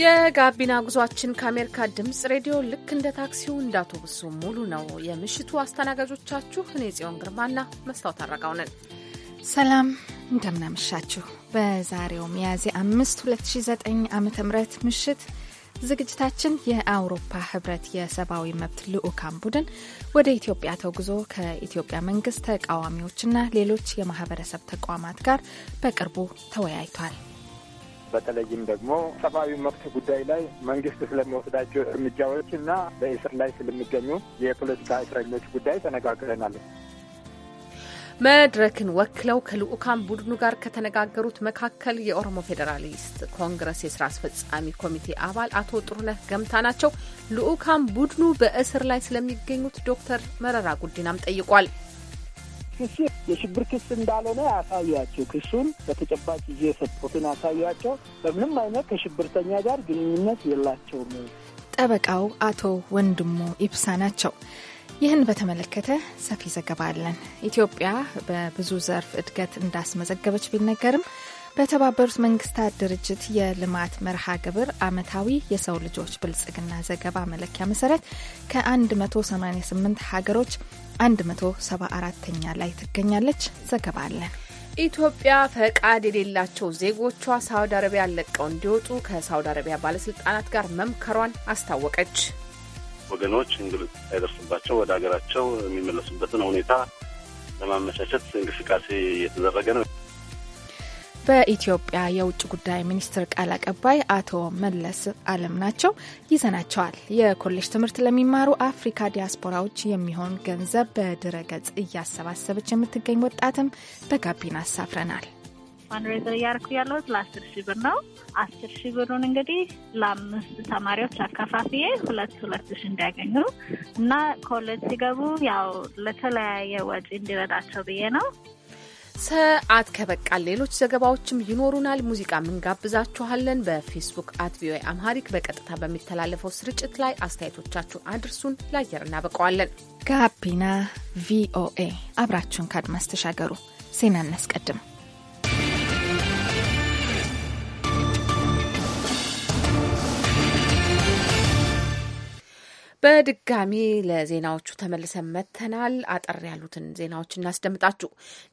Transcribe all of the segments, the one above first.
የጋቢና ጉዟችን ከአሜሪካ ድምፅ ሬዲዮ ልክ እንደ ታክሲው እንደ አውቶቡሱ ሙሉ ነው። የምሽቱ አስተናጋጆቻችሁ እኔ ጽዮን ግርማና መስታወት አረጋው ነን። ሰላም እንደምናመሻችሁ። በዛሬው ሚያዝያ አምስት 2009 ዓ ም ምሽት ዝግጅታችን የአውሮፓ ህብረት የሰብአዊ መብት ልዑካን ቡድን ወደ ኢትዮጵያ ተጉዞ ከኢትዮጵያ መንግስት ተቃዋሚዎችና ሌሎች የማህበረሰብ ተቋማት ጋር በቅርቡ ተወያይቷል። በተለይም ደግሞ ሰብአዊ መብት ጉዳይ ላይ መንግስት ስለሚወስዳቸው እርምጃዎች እና በእስር ላይ ስለሚገኙ የፖለቲካ እስረኞች ጉዳይ ተነጋግረናል። መድረክን ወክለው ከልዑካን ቡድኑ ጋር ከተነጋገሩት መካከል የኦሮሞ ፌዴራሊስት ኮንግረስ የስራ አስፈጻሚ ኮሚቴ አባል አቶ ጥሩነህ ገምታ ናቸው። ልዑካን ቡድኑ በእስር ላይ ስለሚገኙት ዶክተር መረራ ጉዲናም ጠይቋል። ክሱ የሽብር ክስ እንዳልሆነ ያሳያቸው ክሱን በተጨባጭ ይዤ የሰጡትን ያሳያቸው። በምንም አይነት ከሽብርተኛ ጋር ግንኙነት የላቸውም። ጠበቃው አቶ ወንድሙ ኢብሳ ናቸው። ይህን በተመለከተ ሰፊ ዘገባ አለን። ኢትዮጵያ በብዙ ዘርፍ እድገት እንዳስመዘገበች ቢነገርም በተባበሩት መንግስታት ድርጅት የልማት መርሃ ግብር አመታዊ የሰው ልጆች ብልጽግና ዘገባ መለኪያ መሰረት ከ188 ሀገሮች 174 ኛ ላይ ትገኛለች። ዘገባ አለን። ኢትዮጵያ ፈቃድ የሌላቸው ዜጎቿ ሳውዲ አረቢያ ለቀው እንዲወጡ ከሳውዲ አረቢያ ባለስልጣናት ጋር መምከሯን አስታወቀች። ወገኖች እንግልት ሳይደርስባቸው ወደ ሀገራቸው የሚመለሱበትን ሁኔታ ለማመቻቸት እንቅስቃሴ እየተደረገ ነው። በኢትዮጵያ የውጭ ጉዳይ ሚኒስትር ቃል አቀባይ አቶ መለስ አለም ናቸው። ይዘናቸዋል። የኮሌጅ ትምህርት ለሚማሩ አፍሪካ ዲያስፖራዎች የሚሆን ገንዘብ በድረገጽ እያሰባሰበች የምትገኝ ወጣትም በጋቢና አሳፍረናል። ፋንድሬዘር እያደረኩ ያለሁት ለአስር ሺህ ብር ነው። አስር ሺህ ብሩን እንግዲህ ለአምስት ተማሪዎች አካፋፍዬ ሁለት ሁለት ሺህ እንዲያገኙ እና ኮሌጅ ሲገቡ ያው ለተለያየ ወጪ እንዲረዳቸው ብዬ ነው ሰዓት ከበቃል። ሌሎች ዘገባዎችም ይኖሩናል። ሙዚቃ እንጋብዛችኋለን። በፌስቡክ አት ቪኦኤ አምሃሪክ በቀጥታ በሚተላለፈው ስርጭት ላይ አስተያየቶቻችሁን አድርሱን፣ ለአየር እናበቀዋለን። ጋቢና ቪኦኤ አብራችሁን ከአድማስ ተሻገሩ። ዜና እናስቀድም። በድጋሚ ለዜናዎቹ ተመልሰን መጥተናል። አጠር ያሉትን ዜናዎች እናስደምጣችሁ።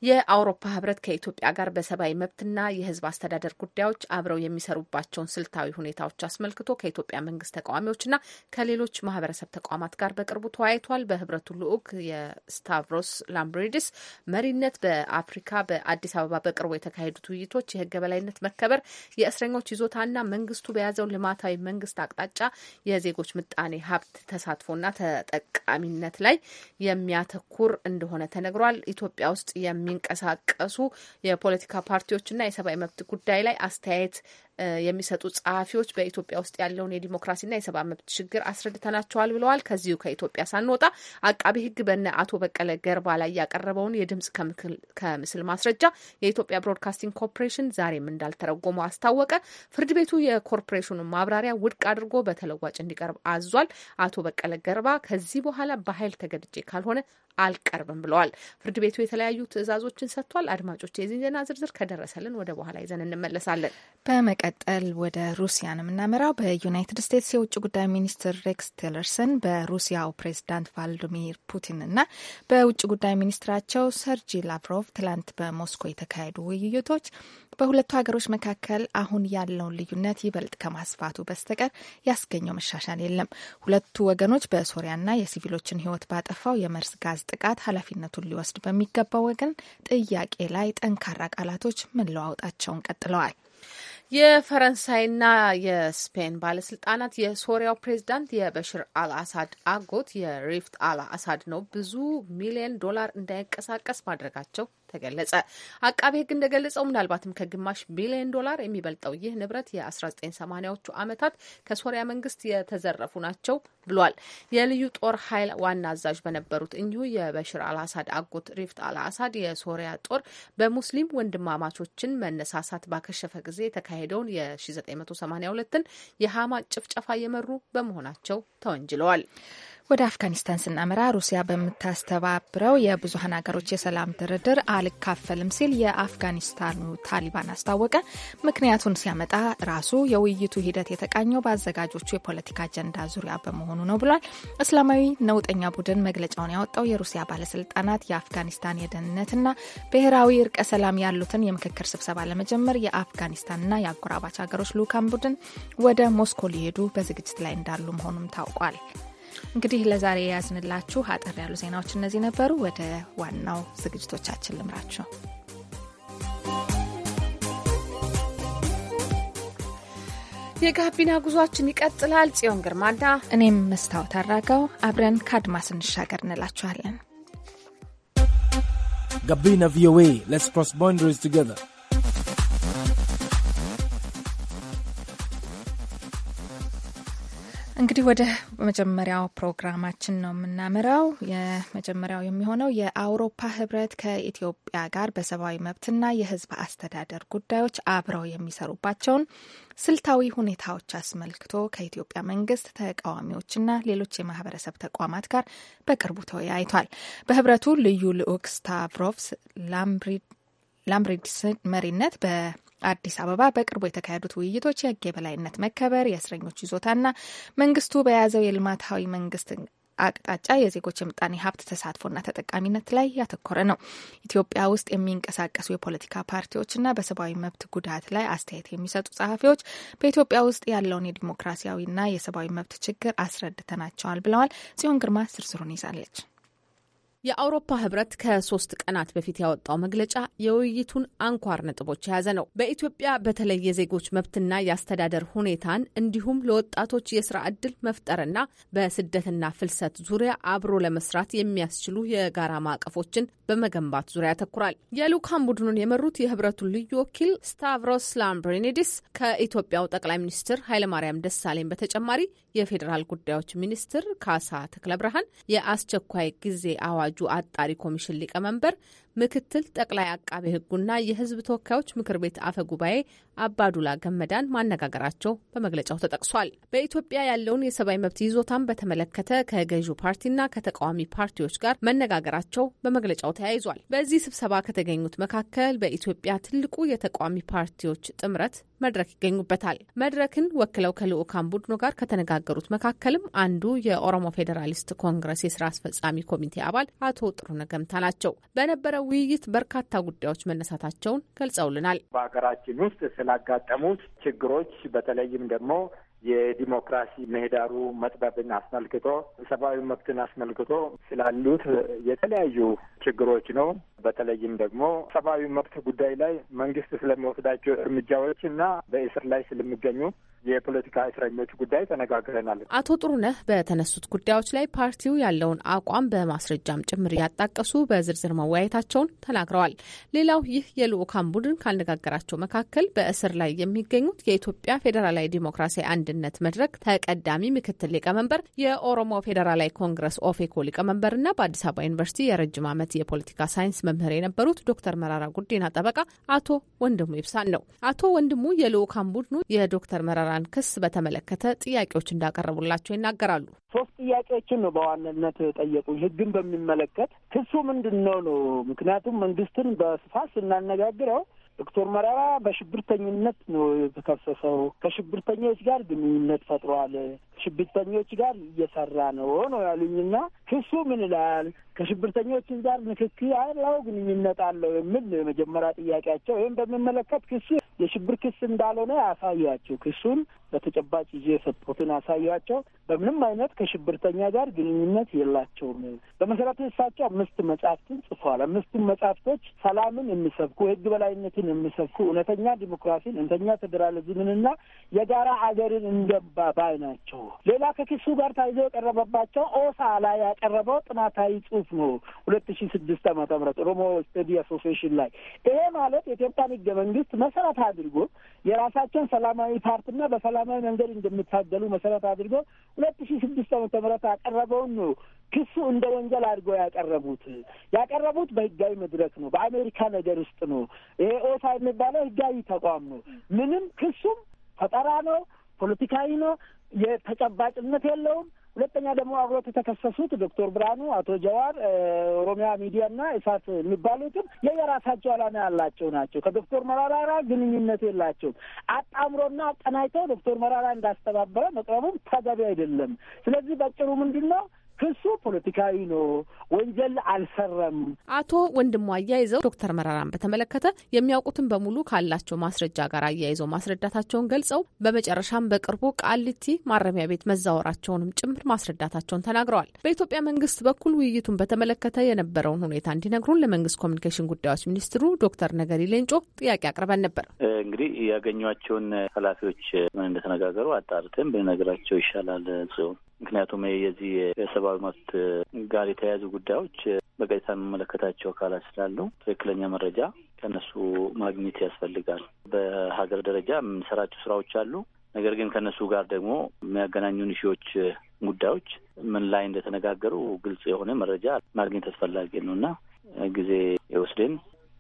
የአውሮፓ ህብረት ከኢትዮጵያ ጋር በሰብአዊ መብትና የህዝብ አስተዳደር ጉዳዮች አብረው የሚሰሩባቸውን ስልታዊ ሁኔታዎች አስመልክቶ ከኢትዮጵያ መንግስት ተቃዋሚዎችና ከሌሎች ማህበረሰብ ተቋማት ጋር በቅርቡ ተወያይቷል። በህብረቱ ልዑክ የስታቭሮስ ላምብሪድስ መሪነት በአፍሪካ በአዲስ አበባ በቅርቡ የተካሄዱት ውይይቶች የህገ በላይነት መከበር፣ የእስረኞች ይዞታና መንግስቱ በያዘው ልማታዊ መንግስት አቅጣጫ የዜጎች ምጣኔ ሀብት ተሳትፎና ተጠቃሚነት ላይ የሚያተኩር እንደሆነ ተነግሯል። ኢትዮጵያ ውስጥ የሚንቀሳቀሱ የፖለቲካ ፓርቲዎችና የሰብአዊ መብት ጉዳይ ላይ አስተያየት የሚሰጡ ጸሐፊዎች በኢትዮጵያ ውስጥ ያለውን የዲሞክራሲና የሰብአዊ መብት ችግር አስረድተናቸዋል ብለዋል። ከዚሁ ከኢትዮጵያ ሳንወጣ አቃቢ ሕግ በነ አቶ በቀለ ገርባ ላይ ያቀረበውን የድምጽ ከምስል ማስረጃ የኢትዮጵያ ብሮድካስቲንግ ኮርፖሬሽን ዛሬም እንዳልተረጎመ አስታወቀ። ፍርድ ቤቱ የኮርፖሬሽኑ ማብራሪያ ውድቅ አድርጎ በተለዋጭ እንዲቀርብ አዟል። አቶ በቀለ ገርባ ከዚህ በኋላ በኃይል ተገድጄ ካልሆነ አልቀርብም ብለዋል። ፍርድ ቤቱ የተለያዩ ትዕዛዞችን ሰጥቷል። አድማጮች የዚህ ዜና ዝርዝር ከደረሰልን ወደ በኋላ ይዘን እንመለሳለን። በመቀጠል ወደ ሩሲያ ነው የምናመራው። በዩናይትድ ስቴትስ የውጭ ጉዳይ ሚኒስትር ሬክስ ቲለርሰን በሩሲያው ፕሬዚዳንት ቫልዲሚር ፑቲን እና በውጭ ጉዳይ ሚኒስትራቸው ሰርጂ ላቭሮቭ ትላንት በሞስኮ የተካሄዱ ውይይቶች በሁለቱ ሀገሮች መካከል አሁን ያለውን ልዩነት ይበልጥ ከማስፋቱ በስተቀር ያስገኘው መሻሻል የለም። ሁለቱ ወገኖች በሶሪያና የሲቪሎችን ሕይወት ባጠፋው የመርዝ ጋዝ ጥቃት ኃላፊነቱን ሊወስድ በሚገባው ወገን ጥያቄ ላይ ጠንካራ ቃላቶች መለዋወጣቸውን ቀጥለዋል። የፈረንሳይና የስፔን ባለስልጣናት የሶሪያው ፕሬዚዳንት የበሽር አልአሳድ አጎት የሪፍት አልአሳድ ነው ብዙ ሚሊዮን ዶላር እንዳይንቀሳቀስ ማድረጋቸው ተገለጸ። አቃቤ ሕግ እንደገለጸው ምናልባትም ከግማሽ ቢሊዮን ዶላር የሚበልጠው ይህ ንብረት የ1980ዎቹ ዓመታት ከሶሪያ መንግስት የተዘረፉ ናቸው ብሏል። የልዩ ጦር ኃይል ዋና አዛዥ በነበሩት እኚሁ የበሽር አልአሳድ አጎት ሪፍት አልአሳድ የሶሪያ ጦር በሙስሊም ወንድማማቾችን መነሳሳት ባከሸፈ ጊዜ የተካሄደውን የ1982ን የሀማ ጭፍጨፋ የመሩ በመሆናቸው ተወንጅለዋል። ወደ አፍጋኒስታን ስናመራ ሩሲያ በምታስተባብረው የብዙሀን ሀገሮች የሰላም ድርድር አልካፈልም ሲል የአፍጋኒስታኑ ታሊባን አስታወቀ። ምክንያቱን ሲያመጣ ራሱ የውይይቱ ሂደት የተቃኘው በአዘጋጆቹ የፖለቲካ አጀንዳ ዙሪያ በመሆኑ ነው ብሏል። እስላማዊ ነውጠኛ ቡድን መግለጫውን ያወጣው የሩሲያ ባለስልጣናት የአፍጋኒስታን የደህንነትና ብሔራዊ እርቀ ሰላም ያሉትን የምክክር ስብሰባ ለመጀመር የአፍጋኒስታንና የአጎራባች ሀገሮች ልዑካን ቡድን ወደ ሞስኮ ሊሄዱ በዝግጅት ላይ እንዳሉ መሆኑም ታውቋል። እንግዲህ ለዛሬ ያዝንላችሁ አጠር ያሉ ዜናዎች እነዚህ ነበሩ። ወደ ዋናው ዝግጅቶቻችን ልምራችሁ። የጋቢና ጉዟችን ይቀጥላል። ጽዮን ግርማና እኔም መስታወት አራጋው አብረን ከአድማስ እንሻገር እንላችኋለን። ጋቢና ቪኦኤ ሌትስ ክሮስ ቦንደሪስ ቱጌዘር እንግዲህ ወደ መጀመሪያው ፕሮግራማችን ነው የምናመራው። የመጀመሪያው የሚሆነው የአውሮፓ ህብረት ከኢትዮጵያ ጋር በሰብአዊ መብትና የህዝብ አስተዳደር ጉዳዮች አብረው የሚሰሩባቸውን ስልታዊ ሁኔታዎች አስመልክቶ ከኢትዮጵያ መንግስት ተቃዋሚዎችና ሌሎች የማህበረሰብ ተቋማት ጋር በቅርቡ ተወያይቷል። በህብረቱ ልዩ ልዑክ ስታቭሮቭስ ላምብሪድስ መሪነት በ አዲስ አበባ በቅርቡ የተካሄዱት ውይይቶች የህግ የበላይነት መከበር፣ የእስረኞች ይዞታና መንግስቱ በያዘው የልማታዊ መንግስት አቅጣጫ የዜጎች የምጣኔ ሀብት ተሳትፎና ተጠቃሚነት ላይ ያተኮረ ነው። ኢትዮጵያ ውስጥ የሚንቀሳቀሱ የፖለቲካ ፓርቲዎችና በሰብአዊ መብት ጉዳት ላይ አስተያየት የሚሰጡ ጸሐፊዎች በኢትዮጵያ ውስጥ ያለውን የዲሞክራሲያዊና የሰብአዊ መብት ችግር አስረድተናቸዋል ብለዋል። ጽዮን ግርማ ዝርዝሩን ይዛለች። የአውሮፓ ህብረት ከሶስት ቀናት በፊት ያወጣው መግለጫ የውይይቱን አንኳር ነጥቦች የያዘ ነው። በኢትዮጵያ በተለይ የዜጎች መብትና የአስተዳደር ሁኔታን እንዲሁም ለወጣቶች የስራ ዕድል መፍጠርና በስደትና ፍልሰት ዙሪያ አብሮ ለመስራት የሚያስችሉ የጋራ ማዕቀፎችን በመገንባት ዙሪያ ያተኩራል። የልዑካን ቡድኑን የመሩት የህብረቱ ልዩ ወኪል ስታቭሮስ ላምብሪኒዲስ ከኢትዮጵያው ጠቅላይ ሚኒስትር ኃይለማርያም ደሳለኝ በተጨማሪ የፌዴራል ጉዳዮች ሚኒስትር ካሳ ተክለብርሃን የአስቸኳይ ጊዜ አዋጁ አጣሪ ኮሚሽን ሊቀመንበር ምክትል ጠቅላይ አቃቤ ሕጉና የሕዝብ ተወካዮች ምክር ቤት አፈ ጉባኤ አባዱላ ገመዳን ማነጋገራቸው በመግለጫው ተጠቅሷል። በኢትዮጵያ ያለውን የሰብአዊ መብት ይዞታን በተመለከተ ከገዢው ፓርቲና ከተቃዋሚ ፓርቲዎች ጋር መነጋገራቸው በመግለጫው ተያይዟል። በዚህ ስብሰባ ከተገኙት መካከል በኢትዮጵያ ትልቁ የተቃዋሚ ፓርቲዎች ጥምረት መድረክ ይገኙበታል። መድረክን ወክለው ከልዑካን ቡድኑ ጋር ከተነጋገሩት መካከልም አንዱ የኦሮሞ ፌዴራሊስት ኮንግረስ የስራ አስፈጻሚ ኮሚቴ አባል አቶ ጥሩነ ገምታ ናቸው። በነበረው ውይይት በርካታ ጉዳዮች መነሳታቸውን ገልጸውልናል። በሀገራችን ውስጥ ስላጋጠሙት ችግሮች በተለይም ደግሞ የዲሞክራሲ ምህዳሩ መጥበብን አስመልክቶ ሰብአዊ መብትን አስመልክቶ ስላሉት የተለያዩ ችግሮች ነው። በተለይም ደግሞ ሰብአዊ መብት ጉዳይ ላይ መንግስት ስለሚወስዳቸው እርምጃዎች እና በእስር ላይ ስለሚገኙ የፖለቲካ እስረኞች ጉዳይ ተነጋግረናል። አቶ ጥሩነህ በተነሱት ጉዳዮች ላይ ፓርቲው ያለውን አቋም በማስረጃም ጭምር ያጣቀሱ በዝርዝር መወያየታቸውን ተናግረዋል። ሌላው ይህ የልዑካን ቡድን ካነጋገራቸው መካከል በእስር ላይ የሚገኙት የኢትዮጵያ ፌዴራላዊ ዲሞክራሲያዊ አንድነት መድረክ ተቀዳሚ ምክትል ሊቀመንበር፣ የኦሮሞ ፌዴራላዊ ኮንግረስ ኦፌኮ ሊቀመንበርና በአዲስ አበባ ዩኒቨርሲቲ የረጅም ዓመት የፖለቲካ ሳይንስ መምህር የነበሩት ዶክተር መራራ ጉዲና ጠበቃ አቶ ወንድሙ ይብሳን ነው። አቶ ወንድሙ የልዑካን ቡድኑ የዶክተር መራራ መምህራን ክስ በተመለከተ ጥያቄዎች እንዳቀረቡላቸው ይናገራሉ። ሶስት ጥያቄዎችን ነው በዋናነት ጠየቁኝ። ህግን በሚመለከት ክሱ ምንድን ነው ነው? ምክንያቱም መንግስትን በስፋት ስናነጋግረው ዶክተር መረራ በሽብርተኝነት ነው የተከሰሰው። ከሽብርተኞች ጋር ግንኙነት ፈጥሯል፣ ሽብርተኞች ጋር እየሰራ ነው ነው ያሉኝና ክሱ ምን ይላል? ከሽብርተኞች ጋር ንክኪ አለው ግንኙነት አለው የሚል የመጀመሪያ ጥያቄያቸው። ይህም በሚመለከት ክሱ የሽብር ክስ እንዳልሆነ ያሳያቸው ክሱን በተጨባጭ ይዤ የሰጡትን አሳያቸው። በምንም አይነት ከሽብርተኛ ጋር ግንኙነት የላቸውም። በመሰረቱ እሳቸው አምስት መጽሐፍትን ጽፏል። አምስቱም መጽሐፍቶች ሰላምን የሚሰብኩ ህግ በላይነትን የሚሰብኩ እውነተኛ ዲሞክራሲን፣ እውነተኛ ፌዴራሊዝምንና የጋራ አገርን እንደባ ባይ ናቸው። ሌላ ከክሱ ጋር ታይዞ የቀረበባቸው ኦሳ ላይ ያቀረበው ጥናታዊ ጽሁፍ ነው ሁለት ሺ ስድስት ዓመተ ምህረት ኦሮሞ ስተዲ አሶሲሽን ላይ ይሄ ማለት የኢትዮጵያን ህገ መንግስት መሰረት አድርጎ የራሳቸውን ሰላማዊ ፓርቲና በሰላም በሰላማዊ መንገድ እንደምታገሉ መሰረት አድርጎ ሁለት ሺ ስድስት ዓመተ ምህረት ያቀረበውን ነው ክሱ እንደ ወንጀል አድርገው ያቀረቡት ያቀረቡት በህጋዊ መድረክ ነው። በአሜሪካ ነገር ውስጥ ነው። ይሄ ኦታ የሚባለው ህጋዊ ተቋም ነው። ምንም ክሱም ፈጠራ ነው፣ ፖለቲካዊ ነው፣ የተጨባጭነት የለውም። ሁለተኛ ደግሞ አብሮት የተከሰሱት ዶክተር ብርሃኑ፣ አቶ ጀዋር፣ ኦሮሚያ ሚዲያና እሳት የሚባሉትም የየራሳቸው ዓላማ ያላቸው ናቸው። ከዶክተር መራራ ጋር ግንኙነት የላቸውም። አጣምሮና አቀናጅተው ዶክተር መራራ እንዳስተባበረ መቅረቡም ተገቢ አይደለም። ስለዚህ በጭሩ ምንድን ነው ክሱ ፖለቲካዊ ነው፣ ወንጀል አልሰረም። አቶ ወንድሙ አያይዘው ዶክተር መረራን በተመለከተ የሚያውቁትን በሙሉ ካላቸው ማስረጃ ጋር አያይዘው ማስረዳታቸውን ገልጸው በመጨረሻም በቅርቡ ቃሊቲ ማረሚያ ቤት መዛወራቸውንም ጭምር ማስረዳታቸውን ተናግረዋል። በኢትዮጵያ መንግስት በኩል ውይይቱን በተመለከተ የነበረውን ሁኔታ እንዲነግሩን ለመንግስት ኮሚኒኬሽን ጉዳዮች ሚኒስትሩ ዶክተር ነገሪ ሌንጮ ጥያቄ አቅርበን ነበር። እንግዲህ ያገኟቸውን ኃላፊዎች ምን እንደተነጋገሩ አጣርተን ብንነግራቸው ይሻላል ሲሆን ምክንያቱም የዚህ የሰብአዊ መብት ጋር የተያያዙ ጉዳዮች በቀጥታ የሚመለከታቸው አካላት ስላሉ ትክክለኛ መረጃ ከነሱ ማግኘት ያስፈልጋል። በሀገር ደረጃ የምንሰራቸው ስራዎች አሉ። ነገር ግን ከነሱ ጋር ደግሞ የሚያገናኙን እሺዎች ጉዳዮች ምን ላይ እንደተነጋገሩ ግልጽ የሆነ መረጃ ማግኘት አስፈላጊ ነው እና ጊዜ የወስደን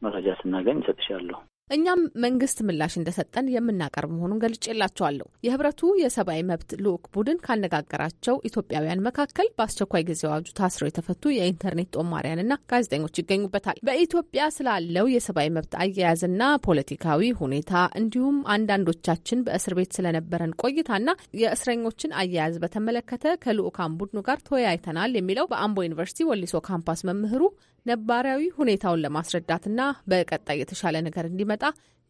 መረጃ ስናገኝ እሰጥሻለሁ። እኛም መንግስት ምላሽ እንደሰጠን የምናቀርብ መሆኑን ገልጬላቸዋለሁ። የህብረቱ የሰብአዊ መብት ልዑክ ቡድን ካነጋገራቸው ኢትዮጵያውያን መካከል በአስቸኳይ ጊዜ አዋጁ ታስረው የተፈቱ የኢንተርኔት ጦማሪያንና ጋዜጠኞች ይገኙበታል። በኢትዮጵያ ስላለው የሰብአዊ መብት አያያዝና ፖለቲካዊ ሁኔታ እንዲሁም አንዳንዶቻችን በእስር ቤት ስለነበረን ቆይታና የእስረኞችን አያያዝ በተመለከተ ከልዑካን ቡድኑ ጋር ተወያይተናል የሚለው በአምቦ ዩኒቨርሲቲ ወሊሶ ካምፓስ መምህሩ ነባራዊ ሁኔታውን ለማስረዳትና በቀጣይ የተሻለ ነገር እንዲመጣ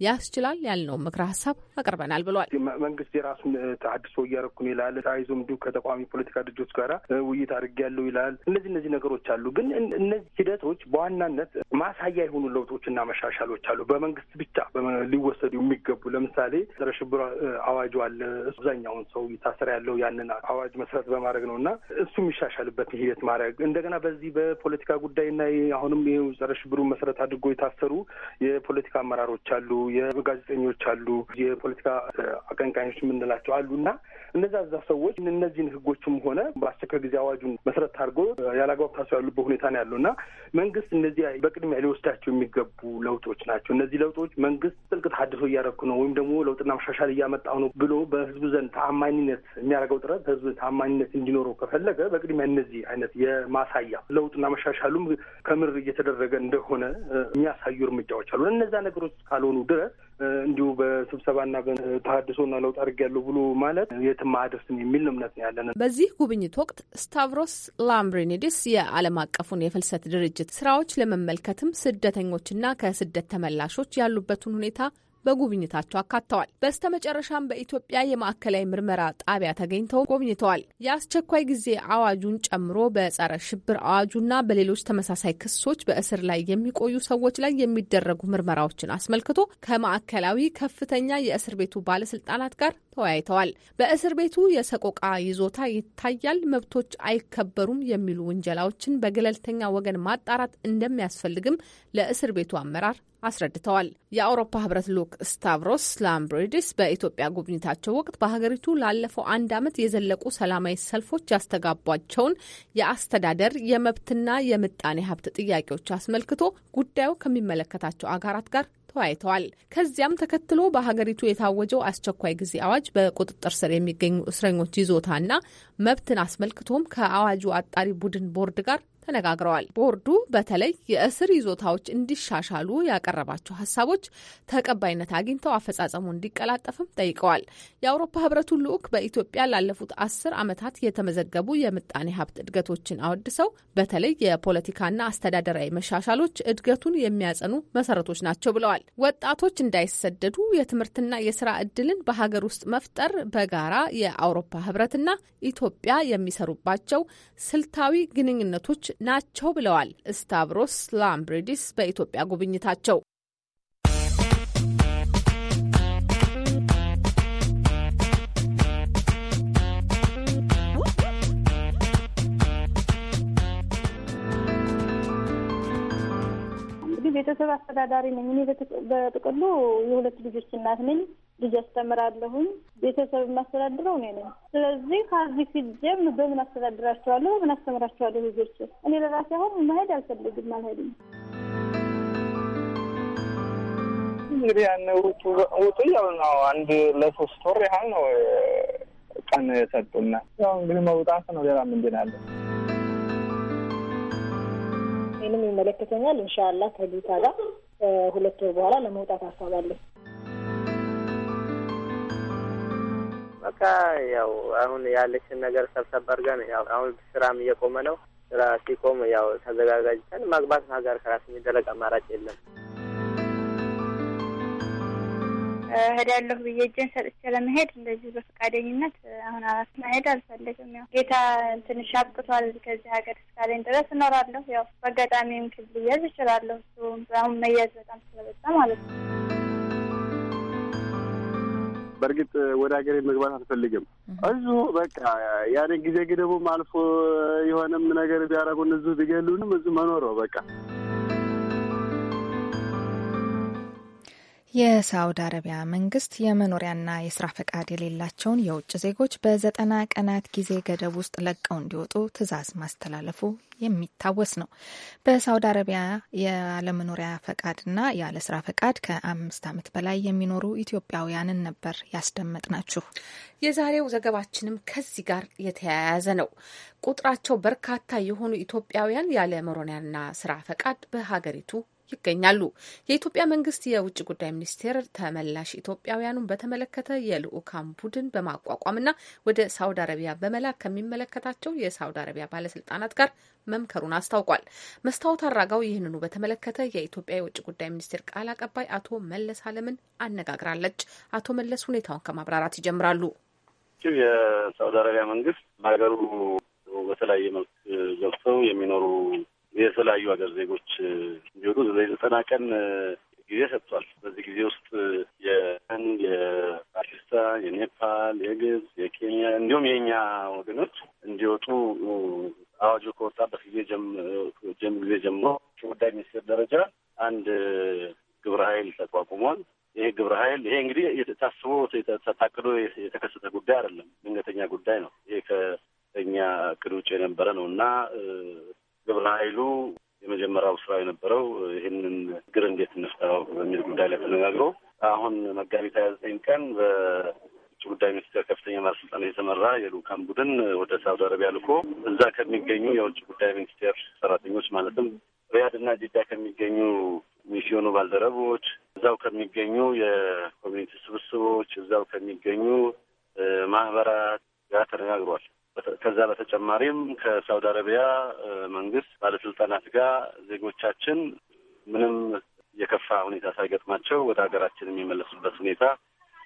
ያስችላል ያልነው ምክረ ሀሳብ አቅርበናል ብሏል። መንግስት የራሱን ተሀድሶ እያረኩን ይላል። ተያይዞም እንዲሁ ከተቋሚ ፖለቲካ ድርጅቶች ጋራ ውይይት አድርጌያለሁ ይላል። እነዚህ እነዚህ ነገሮች አሉ። ግን እነዚህ ሂደቶች በዋናነት ማሳያ የሆኑ ለውጦችና መሻሻሎች አሉ። በመንግስት ብቻ ሊወሰዱ የሚገቡ ለምሳሌ ጸረ ሽብር አዋጁ አለ። አብዛኛውን ሰው ታሰረ ያለው ያንን አዋጅ መሰረት በማድረግ ነው እና እሱ የሚሻሻልበት ሂደት ማድረግ እንደገና በዚህ በፖለቲካ ጉዳይና አሁንም ጸረ ሽብሩን መሰረት አድርጎ የታሰሩ የፖለቲካ አመራሮች አሉ የጋዜጠኞች አሉ፣ የፖለቲካ አቀንቃኞች የምንላቸው አሉ እና እነዛ ሰዎች እነዚህን ህጎችም ሆነ በአስቸኳይ ጊዜ አዋጁን መሰረት አድርጎ ያላግባብ ታስረው ያሉበት ሁኔታ ነው ያለው እና መንግስት እነዚህ በቅድሚያ ሊወስዳቸው የሚገቡ ለውጦች ናቸው። እነዚህ ለውጦች መንግስት ጥልቅ ተሀድሶ እያደረኩ ነው ወይም ደግሞ ለውጥና መሻሻል እያመጣሁ ነው ብሎ በህዝቡ ዘንድ ተአማኒነት የሚያደርገው ጥረት ህዝብ ተአማኒነት እንዲኖረው ከፈለገ በቅድሚያ እነዚህ አይነት የማሳያ ለውጥና መሻሻሉም ከምር እየተደረገ እንደሆነ የሚያሳዩ እርምጃዎች አሉ። እነዛ ነገሮች ካልሆኑ ድረስ እንዲሁ በስብሰባና በተሀድሶና ለውጥ አድርጊያለሁ ብሎ ማለት የትም አያደርስም የሚል እምነት ነው ያለን። በዚህ ጉብኝት ወቅት ስታቭሮስ ላምብሪኒዲስ የዓለም አቀፉን የፍልሰት ድርጅት ስራዎች ለመመልከትም ስደተኞችና ከስደት ተመላሾች ያሉበትን ሁኔታ በጉብኝታቸው አካተዋል። በስተመጨረሻም በኢትዮጵያ የማዕከላዊ ምርመራ ጣቢያ ተገኝተው ጎብኝተዋል። የአስቸኳይ ጊዜ አዋጁን ጨምሮ በጸረ ሽብር አዋጁና በሌሎች ተመሳሳይ ክሶች በእስር ላይ የሚቆዩ ሰዎች ላይ የሚደረጉ ምርመራዎችን አስመልክቶ ከማዕከላዊ ከፍተኛ የእስር ቤቱ ባለስልጣናት ጋር ተወያይተዋል። በእስር ቤቱ የሰቆቃ ይዞታ ይታያል፣ መብቶች አይከበሩም የሚሉ ውንጀላዎችን በገለልተኛ ወገን ማጣራት እንደሚያስፈልግም ለእስር ቤቱ አመራር አስረድተዋል። የአውሮፓ ህብረት ልዑክ ስታቭሮስ ላምብሪዲስ በኢትዮጵያ ጉብኝታቸው ወቅት በሀገሪቱ ላለፈው አንድ ዓመት የዘለቁ ሰላማዊ ሰልፎች ያስተጋቧቸውን የአስተዳደር የመብትና የምጣኔ ሀብት ጥያቄዎች አስመልክቶ ጉዳዩ ከሚመለከታቸው አጋራት ጋር ተወያይተዋል። ከዚያም ተከትሎ በሀገሪቱ የታወጀው አስቸኳይ ጊዜ አዋጅ በቁጥጥር ስር የሚገኙ እስረኞች ይዞታና መብትን አስመልክቶም ከአዋጁ አጣሪ ቡድን ቦርድ ጋር ተነጋግረዋል። ቦርዱ በተለይ የእስር ይዞታዎች እንዲሻሻሉ ያቀረባቸው ሀሳቦች ተቀባይነት አግኝተው አፈጻጸሙ እንዲቀላጠፍም ጠይቀዋል። የአውሮፓ ህብረቱ ልዑክ በኢትዮጵያ ላለፉት አስር ዓመታት የተመዘገቡ የምጣኔ ሀብት እድገቶችን አወድሰው በተለይ የፖለቲካና አስተዳደራዊ መሻሻሎች እድገቱን የሚያጸኑ መሰረቶች ናቸው ብለዋል። ወጣቶች እንዳይሰደዱ የትምህርትና የስራ እድልን በሀገር ውስጥ መፍጠር በጋራ የአውሮፓ ህብረትና ኢትዮጵያ የሚሰሩባቸው ስልታዊ ግንኙነቶች ናቸው ብለዋል ስታቭሮስ ላምብሪዲስ በኢትዮጵያ ጉብኝታቸው። የቤተሰብ አስተዳዳሪ ነኝ። እኔ በጥቅሉ የሁለት ልጆች እናት ነኝ። ልጅ አስተምራለሁኝ። ቤተሰብ የማስተዳድረው እኔ ነኝ። ስለዚህ ከዚህ ሲጀም በምን አስተዳድራቸዋለሁ? በምን አስተምራቸዋለሁ? ልጆች እኔ ለራሴ አሁን መሄድ አልፈልግም፣ አልሄድም። እንግዲህ ያን ውጡ ውጡ ያው ነው። አንድ ለሶስት ወር ያህል ነው ቀን ሰጡና፣ ያው እንግዲህ መውጣት ነው። ሌላ ምንድን አለ እኔንም ይመለከተኛል። እንሻላ ከጌታ ጋር ሁለት ወር በኋላ ለመውጣት አሳባለሁ። በቃ ያው አሁን ያለችን ነገር ሰብሰብ አድርገን ያው አሁን ስራም እየቆመ ነው። ስራ ሲቆም ያው ተዘጋጋጅተን ማግባት ሀገር ከራስ የሚደረግ አማራጭ የለም። እሄዳለሁ ብዬ እጄን ሰጥቼ ለመሄድ እንደዚህ በፈቃደኝነት አሁን አራት መሄድ አልፈልግም። ያው ጌታ ትንሽ አብቅቷል ከዚህ ሀገር እስካለኝ ድረስ እኖራለሁ። ያው በአጋጣሚም ክል ልያዝ ይችላለሁ። አሁን መያዝ በጣም ስለበዛ ማለት ነው። በእርግጥ ወደ ሀገሬ መግባት አልፈልግም። እዙ በቃ ያኔ ጊዜ ግደቡም አልፎ የሆነም ነገር ቢያደርጉን እዙ ቢገሉንም እዙ መኖረው በቃ የሳውዲ አረቢያ መንግስት የመኖሪያና የስራ ፈቃድ የሌላቸውን የውጭ ዜጎች በዘጠና ቀናት ጊዜ ገደብ ውስጥ ለቀው እንዲወጡ ትዕዛዝ ማስተላለፉ የሚታወስ ነው። በሳውዲ አረቢያ ያለመኖሪያ ፈቃድና ያለ ስራ ፈቃድ ከአምስት ዓመት በላይ የሚኖሩ ኢትዮጵያውያንን ነበር ያስደመጥ ናችሁ። የዛሬው ዘገባችንም ከዚህ ጋር የተያያዘ ነው። ቁጥራቸው በርካታ የሆኑ ኢትዮጵያውያን ያለ መኖሪያና ስራ ፈቃድ በሀገሪቱ ይገኛሉ። የኢትዮጵያ መንግስት የውጭ ጉዳይ ሚኒስቴር ተመላሽ ኢትዮጵያውያኑን በተመለከተ የልዑካን ቡድን በማቋቋምና ወደ ሳውዲ አረቢያ በመላክ ከሚመለከታቸው የሳውዲ አረቢያ ባለስልጣናት ጋር መምከሩን አስታውቋል። መስታወት አራጋው ይህንኑ በተመለከተ የኢትዮጵያ የውጭ ጉዳይ ሚኒስቴር ቃል አቀባይ አቶ መለስ አለምን አነጋግራለች። አቶ መለስ ሁኔታውን ከማብራራት ይጀምራሉ። የሳውዲ አረቢያ መንግስት በሀገሩ በተለያየ መልክ ገብተው የሚኖሩ የተለያዩ ሀገር ዜጎች እንዲሆኑ ዘጠና ቀን ጊዜ ሰጥቷል። በዚህ ጊዜ ውስጥ የን የፓኪስታን፣ የኔፓል፣ የግብጽ፣ የኬንያ እንዲሁም የእኛ ወገኖች እንዲወጡ አዋጁ ከወጣበት ጊዜ ጊዜ ጀምሮ ጉዳይ ሚኒስቴር ደረጃ አንድ ግብረ ኃይል ተቋቁሟል። ይሄ ግብረ ኃይል ይሄ እንግዲህ ታስቦ ታቅዶ የተከሰተ ጉዳይ አይደለም፣ ድንገተኛ ጉዳይ ነው። ይሄ ከእኛ እቅድ ውጭ የነበረ ነው እና ግብረ ኃይሉ የመጀመሪያው ስራ የነበረው ይህንን ችግር እንዴት እንፍታው በሚል ጉዳይ ላይ ተነጋግሮ አሁን መጋቢት ሀያ ዘጠኝ ቀን በውጭ ጉዳይ ሚኒስቴር ከፍተኛ ባለስልጣን የተመራ የልኡካን ቡድን ወደ ሳውዲ አረቢያ ልኮ እዛ ከሚገኙ የውጭ ጉዳይ ሚኒስቴር ሰራተኞች ማለትም ሪያድ እና ጅዳ ከሚገኙ ሚስዮኑ ባልደረቦች፣ እዛው ከሚገኙ የኮሚኒቲ ስብስቦች፣ እዛው ከሚገኙ ማህበራት ጋር ተነጋግሯል። ከዛ በተጨማሪም ከሳውዲ አረቢያ መንግስት ባለስልጣናት ጋር ዜጎቻችን ምንም የከፋ ሁኔታ ሳይገጥማቸው ወደ ሀገራችን የሚመለሱበት ሁኔታ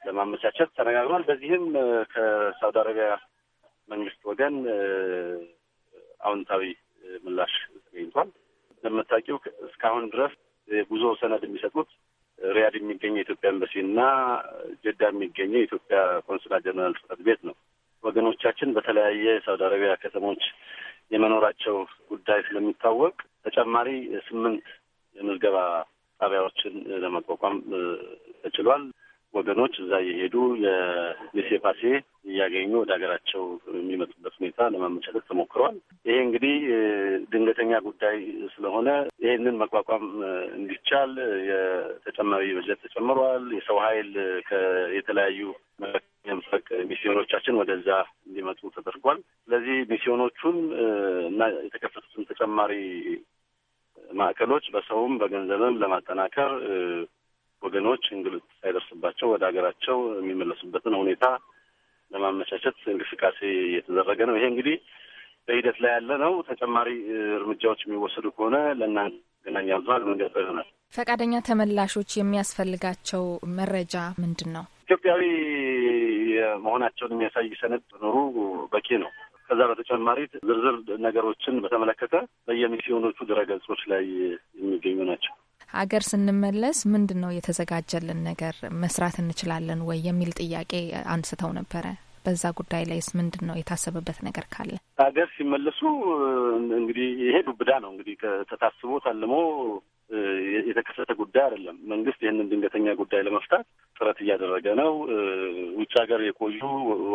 ለማመቻቸት ተነጋግሯል። በዚህም ከሳውዲ አረቢያ መንግስት ወገን አዎንታዊ ምላሽ ተገኝቷል። እንደምታውቂው እስካሁን ድረስ የጉዞ ሰነድ የሚሰጡት ሪያድ የሚገኘ የኢትዮጵያ ኤምባሲ እና ጀዳ የሚገኘ የኢትዮጵያ ኮንስላ ጀነራል ጽሕፈት ቤት ነው። ወገኖቻችን በተለያየ የሳውዲ አረቢያ ከተሞች የመኖራቸው ጉዳይ ስለሚታወቅ ተጨማሪ ስምንት የምዝገባ ጣቢያዎችን ለመቋቋም ተችሏል። ወገኖች እዛ እየሄዱ የሜሴ ፓሴ እያገኙ ወደ ሀገራቸው የሚመጡበት ሁኔታ ለማመቻቸት ተሞክሯል። ይሄ እንግዲህ ድንገተኛ ጉዳይ ስለሆነ ይሄንን መቋቋም እንዲቻል የተጨማሪ በጀት ተጨምሯል። የሰው ኃይል የተለያዩ የምስራቅ ሚስዮኖቻችን ወደዛ እንዲመጡ ተደርጓል። ስለዚህ ሚስዮኖቹን እና የተከፈቱትን ተጨማሪ ማዕከሎች በሰውም በገንዘብም ለማጠናከር ወገኖች እንግልት ሳይደርስባቸው ወደ ሀገራቸው የሚመለሱበትን ሁኔታ ለማመቻቸት እንቅስቃሴ እየተደረገ ነው። ይሄ እንግዲህ በሂደት ላይ ያለ ነው። ተጨማሪ እርምጃዎች የሚወሰዱ ከሆነ ለእናንተ ገናኛ ብዙሀን መንገድ ይሆናል። ፈቃደኛ ተመላሾች የሚያስፈልጋቸው መረጃ ምንድን ነው? ኢትዮጵያዊ መሆናቸውን የሚያሳይ ሰነድ ኖሩ በቂ ነው። ከዛ በተጨማሪ ዝርዝር ነገሮችን በተመለከተ በየሚስዮኖቹ ድረገጾች ላይ የሚገኙ ናቸው። ሀገር ስንመለስ ምንድን ነው የተዘጋጀልን ነገር መስራት እንችላለን ወይ የሚል ጥያቄ አንስተው ነበረ። በዛ ጉዳይ ላይስ ምንድን ነው የታሰበበት ነገር ካለ? ሀገር ሲመለሱ እንግዲህ ይሄ ዱብዳ ነው እንግዲህ ተታስቦ ታልሞ የተከሰተ ጉዳይ አይደለም። መንግስት ይህንን ድንገተኛ ጉዳይ ለመፍታት ጥረት እያደረገ ነው። ውጭ ሀገር የቆዩ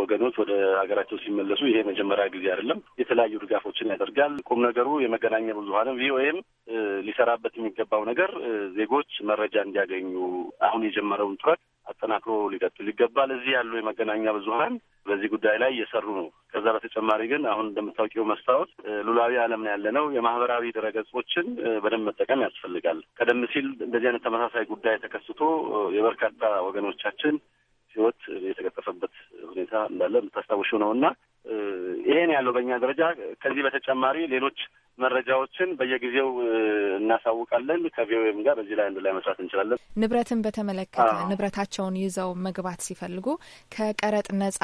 ወገኖች ወደ ሀገራቸው ሲመለሱ ይሄ መጀመሪያ ጊዜ አይደለም። የተለያዩ ድጋፎችን ያደርጋል። ቁም ነገሩ የመገናኛ ብዙኃንም ቪኦኤም ሊሰራበት የሚገባው ነገር ዜጎች መረጃ እንዲያገኙ አሁን የጀመረውን ጥረት አጠናክሮ ሊቀጥል ይገባል። እዚህ ያሉ የመገናኛ ብዙኃን በዚህ ጉዳይ ላይ እየሰሩ ነው። ከዛ በተጨማሪ ግን አሁን እንደምታውቂው መስታወት ሉላዊ ዓለም ያለ ነው። የማህበራዊ ድረገጾችን በደንብ መጠቀም ያስፈልጋል። ቀደም ሲል እንደዚህ አይነት ተመሳሳይ ጉዳይ ተከስቶ የበርካታ ወገኖቻችን ህይወት የተቀጠፈበት ሁኔታ እንዳለ የምታስታውሹ ነው እና ይሄን ያለው በእኛ ደረጃ። ከዚህ በተጨማሪ ሌሎች መረጃዎችን በየጊዜው እናሳውቃለን። ከቪኦኤም ጋር በዚህ ላይ አንድ ላይ መስራት እንችላለን። ንብረትን በተመለከተ ንብረታቸውን ይዘው መግባት ሲፈልጉ ከቀረጥ ነጻ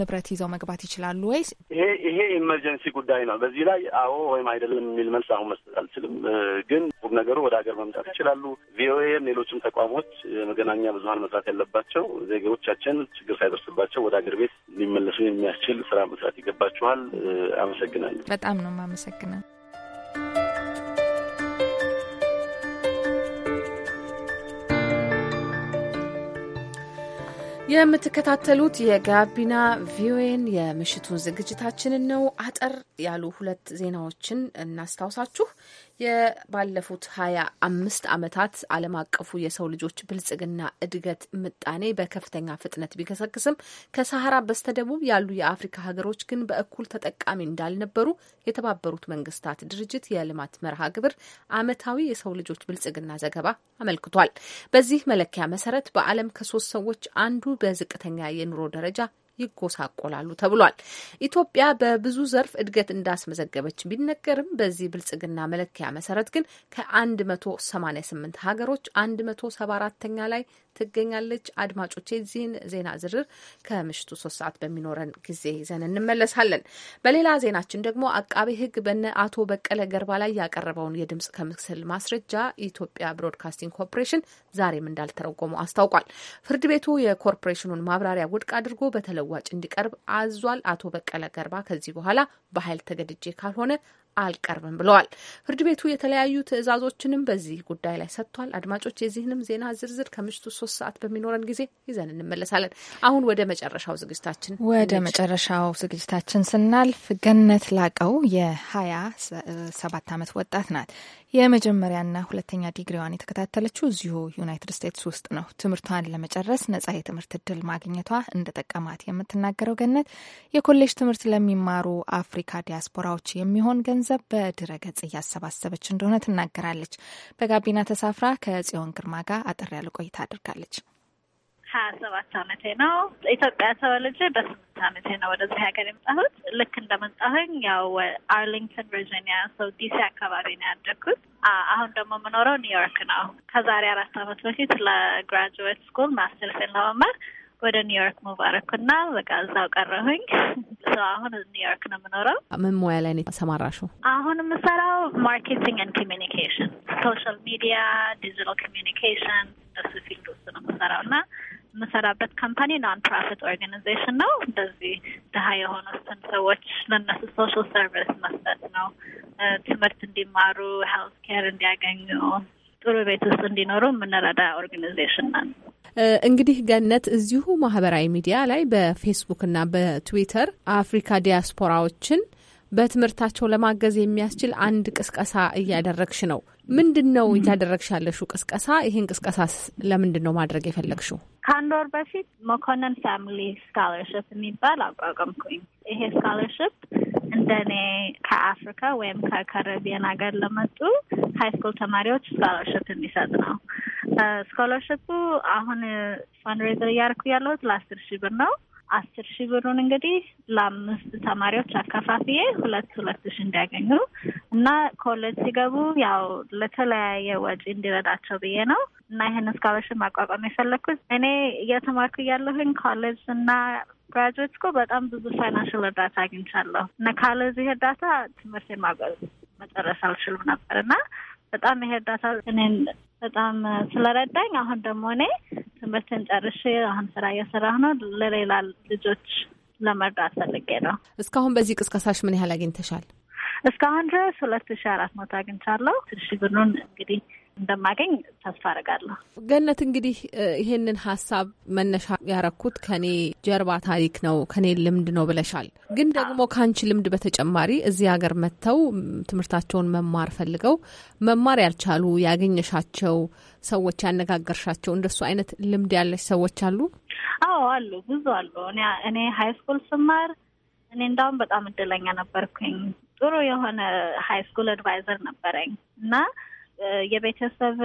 ንብረት ይዘው መግባት ይችላሉ ወይስ? ይሄ ይሄ ኢመርጀንሲ ጉዳይ ነው። በዚህ ላይ አዎ ወይም አይደለም የሚል መልስ አሁን መስጠት አልችልም። ግን ቁም ነገሩ ወደ ሀገር መምጣት ይችላሉ። ቪኦኤም ሌሎችም ተቋሞች መገናኛ ብዙሀን መስራት ያለባቸው ዜጎቻችን ችግር ሳይደርስባቸው ወደ ሀገር ቤት ሊመለሱ የሚያስችል ስራ መስራት ይገባችኋል። አመሰግናለሁ። በጣም ነው አመሰግናል። የምትከታተሉት የጋቢና ቪኦኤን የምሽቱን ዝግጅታችንን ነው። አጠር ያሉ ሁለት ዜናዎችን እናስታውሳችሁ። የባለፉት ሀያ አምስት ዓመታት ዓለም አቀፉ የሰው ልጆች ብልጽግና እድገት ምጣኔ በከፍተኛ ፍጥነት ቢገሰግስም ከሰሃራ በስተደቡብ ያሉ የአፍሪካ ሀገሮች ግን በእኩል ተጠቃሚ እንዳልነበሩ የተባበሩት መንግስታት ድርጅት የልማት መርሃ ግብር አመታዊ የሰው ልጆች ብልጽግና ዘገባ አመልክቷል። በዚህ መለኪያ መሰረት በዓለም ከሶስት ሰዎች አንዱ በዝቅተኛ የኑሮ ደረጃ ይጎሳቆላሉ ተብሏል። ኢትዮጵያ በብዙ ዘርፍ እድገት እንዳስመዘገበች ቢነገርም በዚህ ብልጽግና መለኪያ መሰረት ግን ከ188 ሀገሮች 174ኛ ላይ ትገኛለች። አድማጮቼ እዚህን ዜና ዝርዝር ከምሽቱ ሶስት ሰዓት በሚኖረን ጊዜ ይዘን እንመለሳለን። በሌላ ዜናችን ደግሞ አቃቤ ሕግ በነ አቶ በቀለ ገርባ ላይ ያቀረበውን የድምጽ ከምስል ማስረጃ የኢትዮጵያ ብሮድካስቲንግ ኮርፖሬሽን ዛሬም እንዳልተረጎመው አስታውቋል። ፍርድ ቤቱ የኮርፖሬሽኑን ማብራሪያ ውድቅ አድርጎ በተለዋጭ እንዲቀርብ አዟል። አቶ በቀለ ገርባ ከዚህ በኋላ በኃይል ተገድጄ ካልሆነ አልቀርብም ብለዋል። ፍርድ ቤቱ የተለያዩ ትዕዛዞችንም በዚህ ጉዳይ ላይ ሰጥቷል። አድማጮች፣ የዚህንም ዜና ዝርዝር ከምሽቱ ሶስት ሰዓት በሚኖረን ጊዜ ይዘን እንመለሳለን። አሁን ወደ መጨረሻው ዝግጅታችን ወደ መጨረሻው ዝግጅታችን ስናልፍ ገነት ላቀው የሀያ ሰባት ዓመት ወጣት ናት። የመጀመሪያና ሁለተኛ ዲግሪዋን የተከታተለችው እዚሁ ዩናይትድ ስቴትስ ውስጥ ነው። ትምህርቷን ለመጨረስ ነጻ የትምህርት እድል ማግኘቷ እንደጠቀማት የምትናገረው ገነት የኮሌጅ ትምህርት ለሚማሩ አፍሪካ ዲያስፖራዎች የሚሆን ገንዘብ ገንዘብ በድረ ገጽ እያሰባሰበች እንደሆነ ትናገራለች። በጋቢና ተሳፍራ ከጽዮን ግርማ ጋር አጠር ያለ ቆይታ አድርጋለች። ሀያ ሰባት አመቴ ነው። ኢትዮጵያ ተወልጄ በስምንት አመቴ ነው ወደዚህ ሀገር የመጣሁት። ልክ እንደመጣሁኝ ያው አርሊንግተን ቨርጂኒያ፣ ሰው ዲሲ አካባቢ ነው ያደግኩት። አሁን ደግሞ የምኖረው ኒውዮርክ ነው። ከዛሬ አራት አመት በፊት ለግራጁዌት ስኩል ማስተርሴን ለመማር ወደ ኒውዮርክ ሙቭ አደረኩና በቃ እዛው ቀረሁኝ። አሁን ኒውዮርክ ነው የምኖረው። ምን ሙያ ላይ ነው አሁን የምሰራው ማርኬቲንግ ኤንድ ኮሚኒኬሽን፣ ሶሻል ሚዲያ፣ ዲጂታል ኮሚኒኬሽን እሱ ፊልድ ውስጥ ነው የምሰራው እና የምሰራበት ካምፓኒ ናን ፕሮፊት ኦርጋናይዜሽን ነው። እንደዚህ ድሀ የሆኑትን ሰዎች ለነሱ ሶሻል ሰርቪስ መስጠት ነው። ትምህርት እንዲማሩ፣ ሄልት ኬር እንዲያገኙ፣ ጥሩ ቤት ውስጥ እንዲኖሩ የምንረዳ ኦርጋናይዜሽን ነን። እንግዲህ ገነት እዚሁ ማህበራዊ ሚዲያ ላይ በፌስቡክ እና በትዊተር አፍሪካ ዲያስፖራዎችን በትምህርታቸው ለማገዝ የሚያስችል አንድ ቅስቀሳ እያደረግሽ ነው። ምንድን ነው እያደረግሽ ያለሽው ቅስቀሳ? ይህን ቅስቀሳስ ለምንድን ነው ማድረግ የፈለግሽው? ከአንድ ወር በፊት መኮንን ፋሚሊ ስኮላርሽፕ የሚባል አቋቋምኩኝ። ይሄ ስኮላርሽፕ እንደ እኔ ከአፍሪካ ወይም ከካረቢያን ሀገር ለመጡ ሃይስኩል ተማሪዎች ስኮላርሽፕ የሚሰጥ ነው። ስኮላርሽፑ አሁን ፋንድሬዘር እያደረኩ ያለሁት ለአስር ሺህ ብር ነው። አስር ሺህ ብሩን እንግዲህ ለአምስት ተማሪዎች አካፋፍዬ ሁለት ሁለት ሺህ እንዲያገኙ እና ኮሌጅ ሲገቡ ያው ለተለያየ ወጪ እንዲረዳቸው ብዬ ነው እና ይህን ስኮላርሽፕ ማቋቋም የፈለግኩት እኔ እየተማርኩ እያለሁኝ ኮሌጅ እና ግራጁዌት እኮ በጣም ብዙ ፋይናንሽል እርዳታ አግኝቻለሁ እና ካለዚህ እርዳታ ትምህርት የማገዝ መጨረስ አልችልም ነበር እና በጣም ይሄ እርዳታ እኔን በጣም ስለረዳኝ አሁን ደግሞ እኔ ትምህርትን ጨርሼ አሁን ስራ እየሰራሁ ነው። ለሌላ ልጆች ለመርዳት ፈልጌ ነው። እስካሁን በዚህ ቅስቀሳሽ ምን ያህል አግኝተሻል? እስካሁን ድረስ ሁለት ሺ አራት መቶ አግኝቻለሁ። ትንሽ ብኑን እንግዲህ እንደማገኝ ተስፋ አረጋለሁ። ገነት እንግዲህ ይሄንን ሀሳብ መነሻ ያረኩት ከኔ ጀርባ ታሪክ ነው ከኔ ልምድ ነው ብለሻል። ግን ደግሞ ከአንቺ ልምድ በተጨማሪ እዚህ ሀገር መጥተው ትምህርታቸውን መማር ፈልገው መማር ያልቻሉ ያገኘሻቸው ሰዎች ያነጋገርሻቸው እንደሱ አይነት ልምድ ያለሽ ሰዎች አሉ? አዎ አሉ፣ ብዙ አሉ። እኔ ሀይ ስኩል ስማር እኔ እንዳውም በጣም እድለኛ ነበርኩኝ። ጥሩ የሆነ ሀይ ስኩል አድቫይዘር ነበረኝ እና የቤተሰብ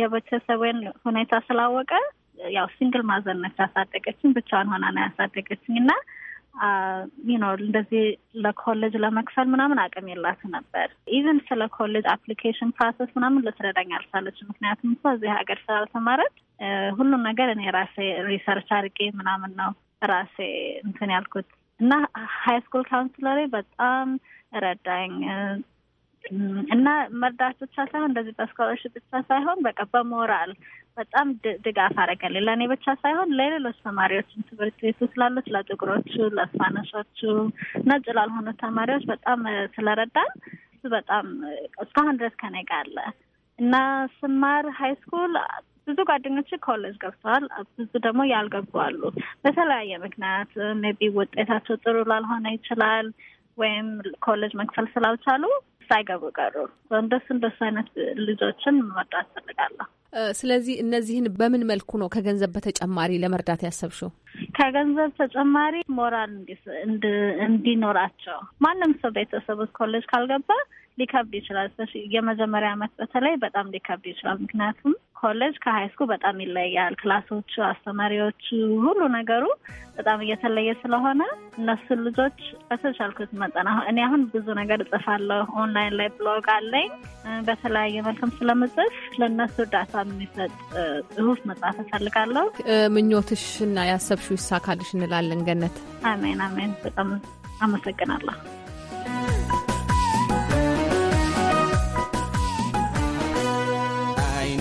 የቤተሰብን ሁኔታ ስላወቀ ያው ሲንግል ማዘር ነች ያሳደገችኝ። ብቻዋን ሆና ነው ያሳደገችኝ እና ኖ እንደዚህ ለኮሌጅ ለመክፈል ምናምን አቅም የላት ነበር። ኢቨን ስለ ኮሌጅ አፕሊኬሽን ፕሮሰስ ምናምን ልትረዳኝ አልቻለች። ምክንያቱም እሷ እዚህ ሀገር ስላልተማረች ሁሉም ነገር እኔ ራሴ ሪሰርች አድርጌ ምናምን ነው ራሴ እንትን ያልኩት እና ሀይ ስኩል ካውንስለሬ በጣም ረዳኝ። እና መርዳት ብቻ ሳይሆን እንደዚህ በስኮለርሽፕ ብቻ ሳይሆን በቃ በሞራል በጣም ድጋፍ አደረገልኝ። ለእኔ ብቻ ሳይሆን ለሌሎች ተማሪዎችም ትምህርት ቤቱ ስላሉት ለጥቁሮቹ፣ ለስፓነሾቹ፣ ነጭ ላልሆኑ ተማሪዎች በጣም ስለረዳን በጣም እስካሁን ድረስ ከኔ ጋር አለ እና ስማር ሀይ ስኩል ብዙ ጓደኞች ኮሌጅ ገብተዋል። ብዙ ደግሞ ያልገቡ አሉ። በተለያየ ምክንያት ሜቢ ውጤታቸው ጥሩ ላልሆነ ይችላል ወይም ኮሌጅ መክፈል ስላልቻሉ ሳይገቡ ቀሩ። እንደሱ እንደሱ አይነት ልጆችን መርዳት ፈልጋለሁ። ስለዚህ እነዚህን በምን መልኩ ነው ከገንዘብ በተጨማሪ ለመርዳት ያሰብሽው? ከገንዘብ ተጨማሪ ሞራል እንዲኖራቸው ማንም ሰው ቤተሰብ ኮሌጅ ካልገባ ሊከብድ ይችላል። የመጀመሪያ ዓመት በተለይ በጣም ሊከብድ ይችላል። ምክንያቱም ኮሌጅ ከሀይ ስኩል በጣም ይለያል። ክላሶቹ፣ አስተማሪዎቹ፣ ሁሉ ነገሩ በጣም እየተለየ ስለሆነ እነሱን ልጆች በተቻልኩት መጠን እኔ አሁን ብዙ ነገር እጽፋለሁ። ኦንላይን ላይ ብሎግ አለኝ። በተለያየ መልክም ስለምጽፍ ለእነሱ እርዳታ የሚሰጥ ጽሁፍ መጽሐፍ እፈልጋለሁ። ምኞትሽ እና ያሰብሽው ይሳካልሽ እንላለን። ገነት አሜን አሜን። በጣም አመሰግናለሁ።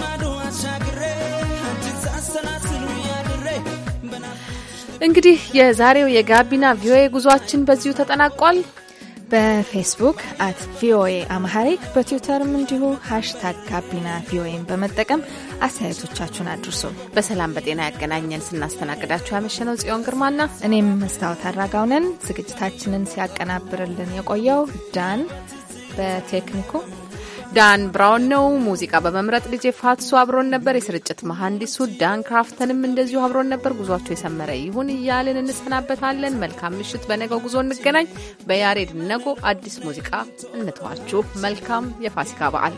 ማዶ አሻግሬ ያድሬ እንግዲህ የዛሬው የጋቢና ቪኦኤ ጉዟችን በዚሁ ተጠናቋል። በፌስቡክ አት ቪኦኤ አማሐሪክ በትዊተርም እንዲሁ ሃሽታግ ጋቢና ቪኦኤን በመጠቀም አስተያየቶቻችሁን አድርሱ። በሰላም በጤና ያገናኘን። ስናስተናግዳችሁ ያመሸነው ጽዮን ግርማና እኔም መስታወት አድራጋውነን ዝግጅታችንን ሲያቀናብርልን የቆየው ዳን በቴክኒኩ ዳን ብራውን ነው ሙዚቃ በመምረጥ ዲጄ ፋትሱ አብሮን ነበር። የስርጭት መሐንዲሱ ዳን ክራፍተንም እንደዚሁ አብሮን ነበር። ጉዟቸው የሰመረ ይሁን እያልን እንሰናበታለን። መልካም ምሽት። በነገው ጉዞ እንገናኝ። በያሬድ ነጎ አዲስ ሙዚቃ እንተዋችሁ። መልካም የፋሲካ በዓል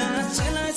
la chela